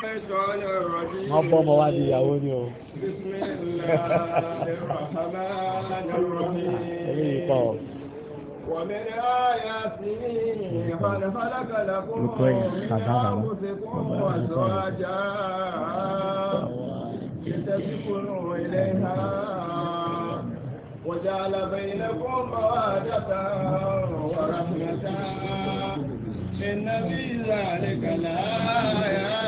wọ́n bọ́ ọmọ wá di ìyàwó ni o. ẹ̀mí yìí pọ̀. Lùkọ́ yìí kàdá bàbá. وجعل بينكم مودة ورحمة إن في ذلك لآيات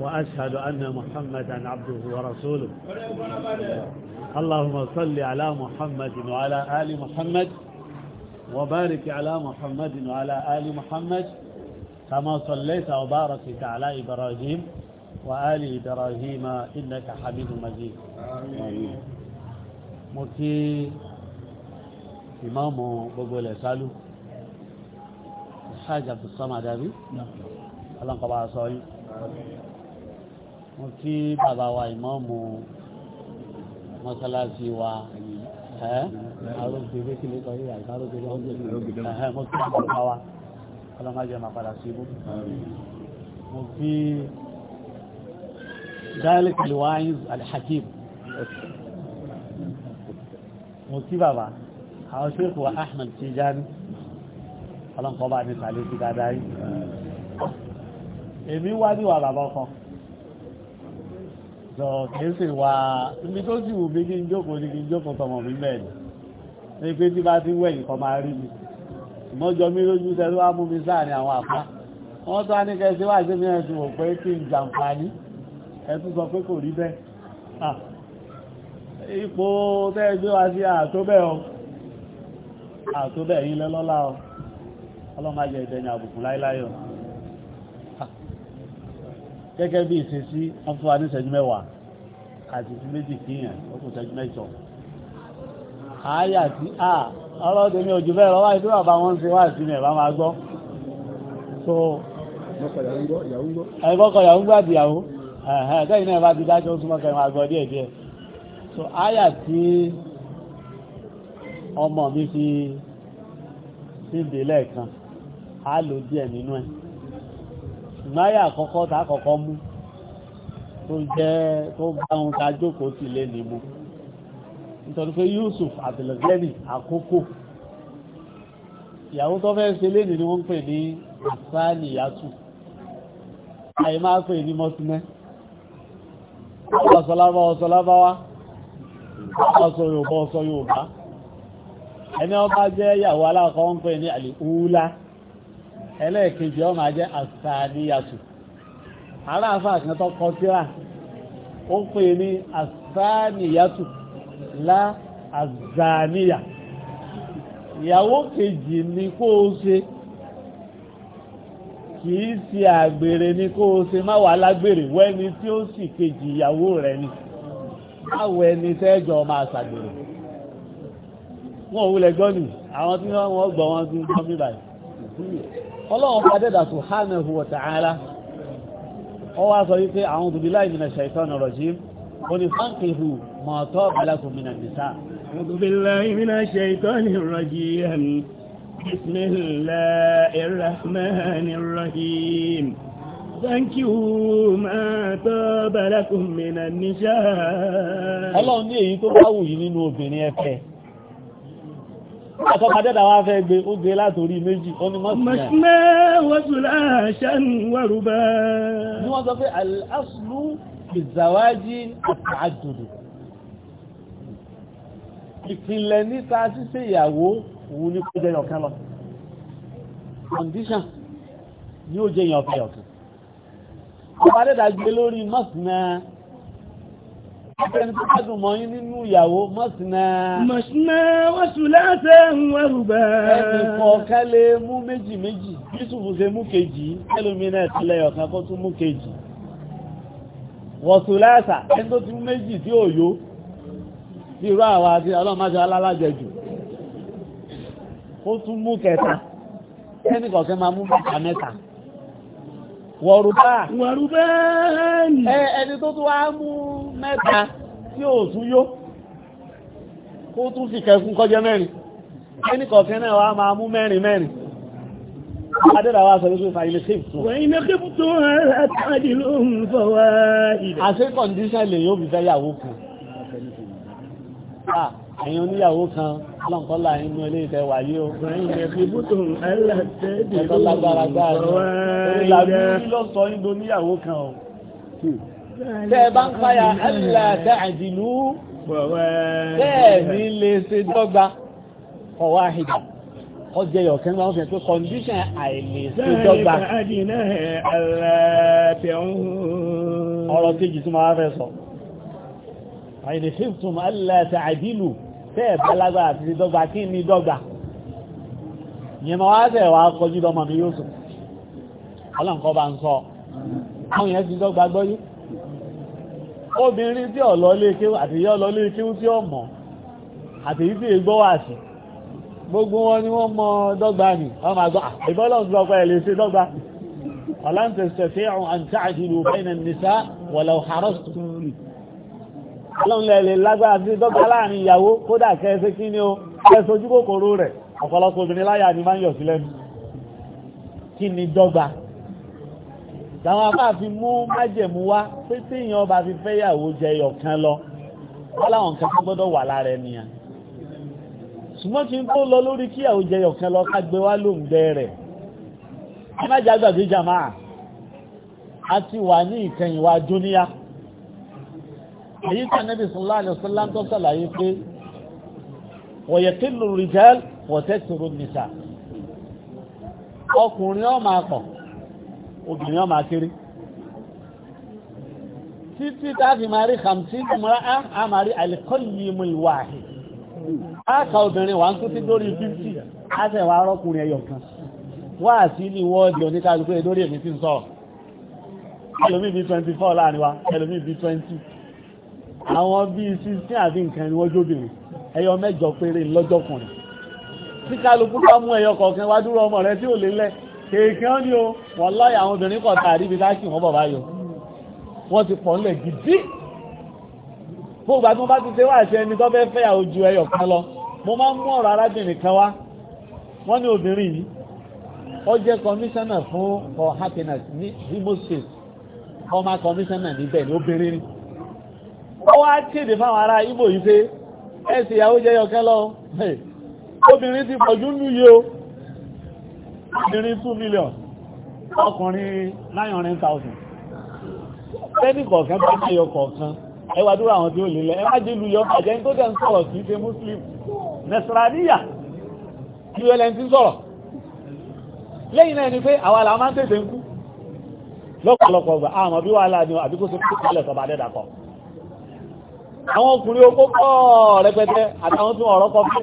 وأشهد أن محمدا عبده ورسوله اللهم صل على محمد وعلى آل محمد وبارك على محمد وعلى آل محمد كما صليت وباركت على إبراهيم وآل إبراهيم إنك حميد مجيد آمين مكي إمام بقول سالو الحاج عبد الصمد أبي نعم الله قبع صحيح mo kí bàbá wa ìmọ̀ọ́mù mọ́sálásí wa mo kí bàbá wa ọlọ́májẹ́ máa padà sí ibú mo kí dáìlẹ̀kì lùwáyín alhakim mo kí bàbá àwọn ṣéèkù wa Ahmed Tijani ọlọ́nkọ́ bá ní sàlẹ̀ sí dáadáa yìí èmi wá níwà bàbá kan sọ kìí sì wá ibi tó sì wù mí kí n jókòó ní kí n jókòó tọmọ mi bẹ́ẹ̀ ni ní pé tí bá ti wẹ̀yìn kan máa rí mi ìmọ́jọ mi lójú tẹ́lú wá mú mi sáà ní àwọn àpá wọ́n tó á ní kẹsí wà sí mi ẹ̀sùn ò pé kí n jàǹfààní ẹ̀tún sọ pé kò rí bẹ́ẹ̀ ipò tẹ́ẹ̀gbé wá sí àtóbẹ̀ ọ àtóbẹ̀ yìí lẹ́lọ́lá ọ ọlọ́mọ ajẹ́ ìdẹ̀yìn àbùkù láíláyọ̀ gẹ́gẹ́ bí ìṣesí wọ́n fún wa ní ìṣẹ́jú mẹ́wàá àti ìṣẹ́jú méjì kíyàn ó kù ìṣẹ́jú mẹ́jọ àáyà tí a ọlọ́dẹ mi ò jù bẹ́ẹ̀ lọ́wọ́ ìdúrà bá wọ́n ń ṣe wá sí mi ẹ̀bá máa gbọ́ so ẹ̀gbọ́kọ̀ yàwó gbà bí yàwó ẹ̀ẹ́dẹ́yìn náà bá ti dájọ́ ó súnmọ́ kẹrin máa gbọ́ díẹ̀ díẹ̀ so àáyà tí ọmọ mi fi síbi lẹ́ẹ̀kan á lò díẹ̀ nínú ẹ̀ máyà àkọ́kọ́ tá àkọ́kọ́ mú tó jẹ́ tó bá ohun tá jókòó ti lé nìmú nítorí pé Yusuf àtìlẹ́gbẹ́nì àkókò ìyàwó tó fẹ́ ṣe lénìí ni wọ́n ń pè ní àsáàlì yàtù àyè máa pè ní mọ́símẹ́ ọ̀sọ̀lábá ọ̀sọ̀lábáwá ọ̀sọ̀ Yorùbá ọ̀sọ̀ Yorùbá ẹni ọba jẹ́ ìyàwó alákọ̀ọ́ ń pè ní àlìkúúlá ẹlẹ́ẹ̀kejì ọmọ ajẹ́ àsàníyàtù aláàfà kan tó kọ síra ó pè ní àsàníyàtù lá àzàníyà ìyàwó kejì ni kó o ṣe kìí ṣe àgbèrè ni kó o ṣe má wà lágbèrè wẹ́ni tí ó sì kejì ìyàwó rẹ̀ ni báwo ẹni tẹ́jọ máa ṣàgbèrè wọn ò wulẹ̀ gbọ́ nìyí àwọn tí wọ́n gbọ́ wọn ti gbọ́ mí báyìí ọlọ́run fàdẹ́dà subhanahu wa ta'ala ọ wá sọ wípé a'udhu billahi minash shaitanir rajim ó ní fankihu ma taba lakum minan nisa a'udhu billahi minash shaitanir rajim bismillahir rahmanir rahim fankihu ma taba lakum minan nisa ọlọ́run ní èyí tó bá wù nínú obìnrin ẹ̀fẹ́ Àkọ́kàdẹ́dà wá fẹ́ gbé ó gbé látorí méjì, ó ní mọ́sílẹ̀. Mọ̀sílẹ̀ wọ́sùlá ṣẹ́nu wọ́rùbá. Ní wọ́n sọ pé al-aslu bizzawaji àtàdùdù. Ìpìnlẹ̀ níta ṣíṣe ìyàwó òun ní kó Ẹni tó bá dùn mọ́ yín nínú ìyàwó mọ́sìnà. Mọ̀sìnà wọ́sùláṣẹ́ wọ́n rùbá. Ẹni kọ̀ọ̀kan lè mú méjì méjì, Yúsùfù ṣe mú kejì, ẹlòmínà ìtẹ́lẹ̀ ọ̀kan kó tún mú kejì. Wọ̀sùláṣà, ẹni tó ti mú méjì tí ò yó, wọ̀rùbá ẹni tó tó wá mú mẹ́ta tí ó tún yó kó tún fi kẹfún kọjẹ mẹ́rin ẹni kọ̀ọ̀kẹ́ náà wá máa mú mẹ́rin mẹ́rin adẹ́dàwà sọ̀rọ̀sọ̀ ìfàílẹ̀ sífù àyìn oníyàwó kan lọ́nkọ́lá inú ilé ìfẹ́ wà o ẹ̀kọ́ lágbára gbáà lọ́sọ̀ọ́ ìgbò oníyàwó kan o tẹ́ ẹ bá ń páyà allah ta'dilu bẹ́ẹ̀ ní lè ṣe dọ́gba ọwọ́ àhìdà ọjẹ́ yọ̀kẹ́ máa ń fi pé condition àìlè ṣe dọ́gba ọ̀rọ̀ kejì tí máa fẹ́ sọ àìlè ṣíftùm allah ta'dilu tẹ́ẹ̀ bá lágbára àti ṣe dọ́gba kí ní dọ́gba ìyẹn máa wá fẹ́ wá kọjú lọ́mọ mi yóò sùn ọlọ́nkọ́ bá ń sọ àwọn èèyàn ti dọ́gba gbọ́yé obìnrin tí ọ̀lọ́ lé kéwú àti ìyá ọ̀lọ́ lé kéwú tí ó mọ̀ àti èyí tí ègbọ́ wà sí gbogbo wọn ni wọ́n mọ dọ́gba ni wọ́n máa gbọ́ ah, ìbọ́lọ́sùn lọ́pọ̀ ẹ̀ lè ṣe dọ́gba ọ̀làn tẹ̀sẹ̀ fi àwọn àǹtàjìlú bẹ́ẹ̀nà nìsá wọ̀lọ̀ harrastun ọlọ́nlẹ̀lẹ̀ lágbára sí dọ́gba dọ́gba làwọn afá fi mú májẹ̀mú wá pé tí èèyàn bá fi fẹ́yàwó jẹyọ kan lọ wọ́n láwọn nǹkan tó gbọ́dọ̀ wà lára ènìyàn ṣùgbọ́n tí ń tó lọ lórí kíyàwó jẹyọ kan lọ ká wá lóhùn bẹ́ẹ̀rẹ̀ ẹ sallallahu alaihi wasallam tó sàlàyé pé wa yaqillu rijal wa takthuru ọkùnrin ó máa obìnrin ọmọ akéré títí táàfi máa rí hamsin mọ́ra á máa rí alikọ́lìmù ìwàáhì áàkà obìnrin wà ń kú sí lórí 50 àṣẹwà arọ́kùnrin ẹyọ kan wà sí ní wọ́ọ̀dì oníkàlùkù lórí èmi tí ń sọ ẹlòmí bí 24 láàrin wa ẹlòmí 20 àwọn 16 àfi nǹkan ni wọ́n jóbìnrin ẹyọ mẹ́jọ péré lọ́jọ́kùnrin tí kálukú bá mú ẹyọ kọ̀ọ̀kan wá dúró ọmọ rẹ tí ò lélẹ̀ kèèkàn ní o wọ́n láyà àwọn obìnrin kọ̀ tàà rí bí láti wọ́n bàbá yọ wọ́n ti pọ̀ nílẹ̀ gidi gbogbo àti wọ́n bá ti tẹ́wà àti ẹni tó fẹ́ fẹ́ ojú ẹyọ kan lọ mo máa mú ọ̀rọ̀ arábìnrin kan wá wọ́n ní obìnrin yìí ó jẹ́ kọmíṣánná fún for happiness ní himosis ọmọ kọmíṣánná níbẹ̀ ní obìnrin ni ó wá kéde fáwọn ará Ìgbò yìí pé ẹ̀sìn ìyàwó jẹ́ yọkẹ́ lọ obìnrin ti pọ̀jú nú yìí o obìnrin 2 million ọkùnrin 900,000 tẹ́nì kọ̀ọ̀kan bá máa yọ kọ̀ọ̀kan ẹwà dúró àwọn tí ó lè lẹ ẹwà jẹ́ ìlú yọ àjẹ́ tó jẹ́ ń sọ̀rọ̀ kìí ṣe muslim nasraniya uln ti sọ̀rọ̀ lẹ́yìn náà ni pé àwọn àlà máa ń tètè ń kú lọ́pọ̀lọpọ̀ ọgbà àmọ́ bí wàhálà ni àbíkó ṣe pípẹ́lẹ̀ sọ̀bà dẹ́dàkọ̀ àwọn ọkùnrin okó kọ́ rẹpẹtẹ àtàwọn tún ọ̀rọ̀ kọfẹ́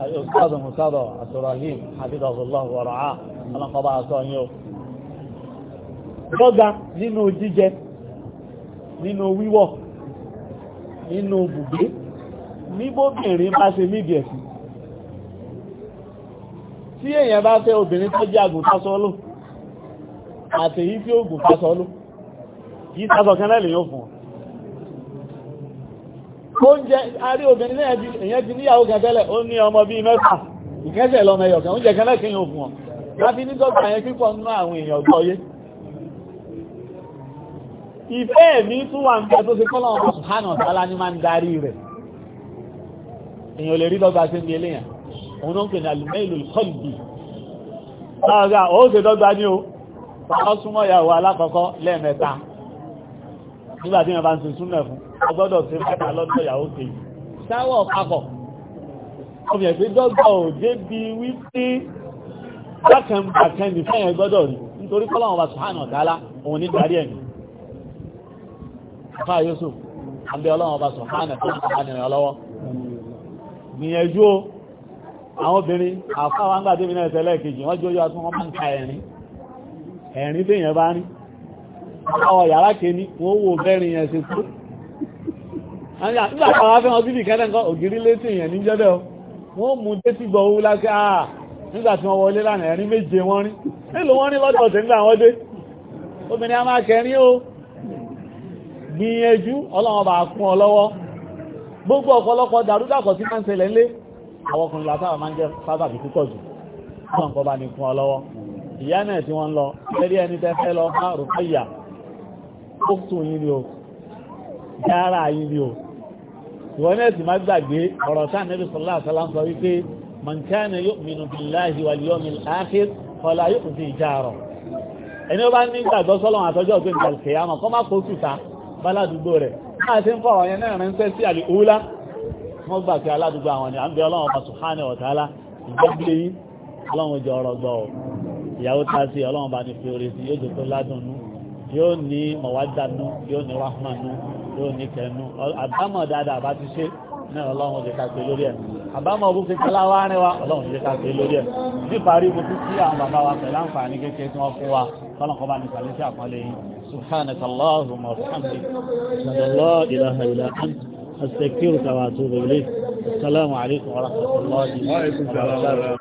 الأستاذ المستاذ التراهيم حفظه الله ورعاه ọlọ́kọba àṣọ yíò lọ́gá nínú jíjẹ nínú wíwọ̀ nínú bùgbé níbóbìnrin bá ṣe níbi ẹ̀sì tí èyàn bá fẹ́ obìnrin tó jẹ́ àgùn fásọ́lò àtèyí tí ó gùn fásọ́lò yí sásọ kan lẹ́lẹ̀ yóò fún ọ oúnjẹ arí obìnrin náà di èyàn ti níyàwó kan tẹ́lẹ̀ ó ní ọmọ bíi mẹ́fà ìkẹ́sẹ̀ lọmọ ẹyọ kan oúnjẹ kan náà kéèyàn fún ọ láti ní dọ́kítà yẹn pípọ̀ nínú àwọn èèyàn gbọ́ yé ìfẹ́ mi tún wà ń bẹ tó ṣe kọ́lọ̀ ọmọ sùhánà ọ̀tọ́lá ní máa ń darí rẹ̀ èèyàn lè rí dọ́gba sí ní eléyàn òun ló ń pè ní alùmẹ́ìlú kọ́lùbì ọ̀gá ó ṣe dọ́gba ní o ọ̀súnmọ́ ìyàwó alákọ̀ọ́kọ́ nígbà tí wọ́n bá ń sun súnmẹ̀ fún ọgbọ́dọ̀ sí mẹ́ta lọ́dọ̀ ìyàwó kejì sáwọ̀ papọ̀ ọmọ ẹ̀gbẹ́ dọ́gbà ò débi wípé bákan bákan nìfẹ́ yẹn gbọ́dọ̀ rí nítorí kọ́lọ́wọ́n bá sùhánà dálá òun ní darí ẹ̀mí Àfá Yusuf, àbí ọlọ́run ọba sọ̀hánà tó ń bá nìrìn ọlọ́wọ́. Gbìyànjú o, àwọn obìnrin, àfá wa ń gbà débìnrin ẹ̀sẹ̀ lẹ́ẹ̀kejì, wọ́n jó yá tún wọ́n máa ń ka ẹ̀rín. Ẹ̀rín tí èèyàn bá rí, àwọn yàrá kẹni wọ́n wò bẹ́rin yẹn ṣe tó nígbà àwọn afẹ́hàn bíbì kẹ́lẹ́ nǹkan ògiri létí yẹn ní jẹ́dẹ̀ o wọ́n mú létí gbọ̀ owó lákẹ́ àà nígbà tí wọ́n wọlé lánàá ẹ̀rin méje wọ́n rí nílò wọ́n rí lọ́dọ̀ tẹ̀ nígbà wọ́n dé obìnrin a máa kẹrin o gbìyànjú ọlọ́wọ́n bá kún ọ ọ̀tún yìí ni o dára yìí ni o ìwọ́n náà ti má gbàgbé ọ̀rọ̀ sáà nẹ́bí sọ̀lá àsálà ń sọ wípé mọ̀nkánà yóò mìnú bíláàhì wà yóò mìnú ákìr kọlá yóò fi ìjà rọ̀ ẹni ó bá ní gbàgbọ́ sọ́lọ́run àtọ́jọ́ pé ìgbàlùkè àmọ́ kọ́ má kó sùta báládùgbò rẹ̀ máa ti ń fọ̀rọ̀ yẹn náà ránṣẹ́ sí yóò ní mọ̀wádánú yóò ní rahmanu yóò ní kẹnu àbámọ̀ dáadáa bá ti ṣe náà ọlọ́run lè kàgbé lórí ẹ̀ àbámọ̀ ọdún fi kọ́lá wá rẹ̀ wá ọlọ́run lè kàgbé lórí ẹ̀ níparí mo tún sí àwọn bàbá wa pẹ̀lú àǹfààní kékeré tí wọ́n fún wa kọ́lọ̀kọ́ bá ní sàlẹ̀ sí àpọ́nlé yìí